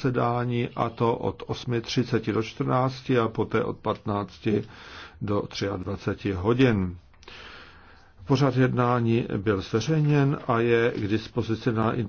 zasedání a to od 8.30 do 14 a poté od 15 do 23 hodin. Pořad jednání byl zveřejněn a je k dispozici na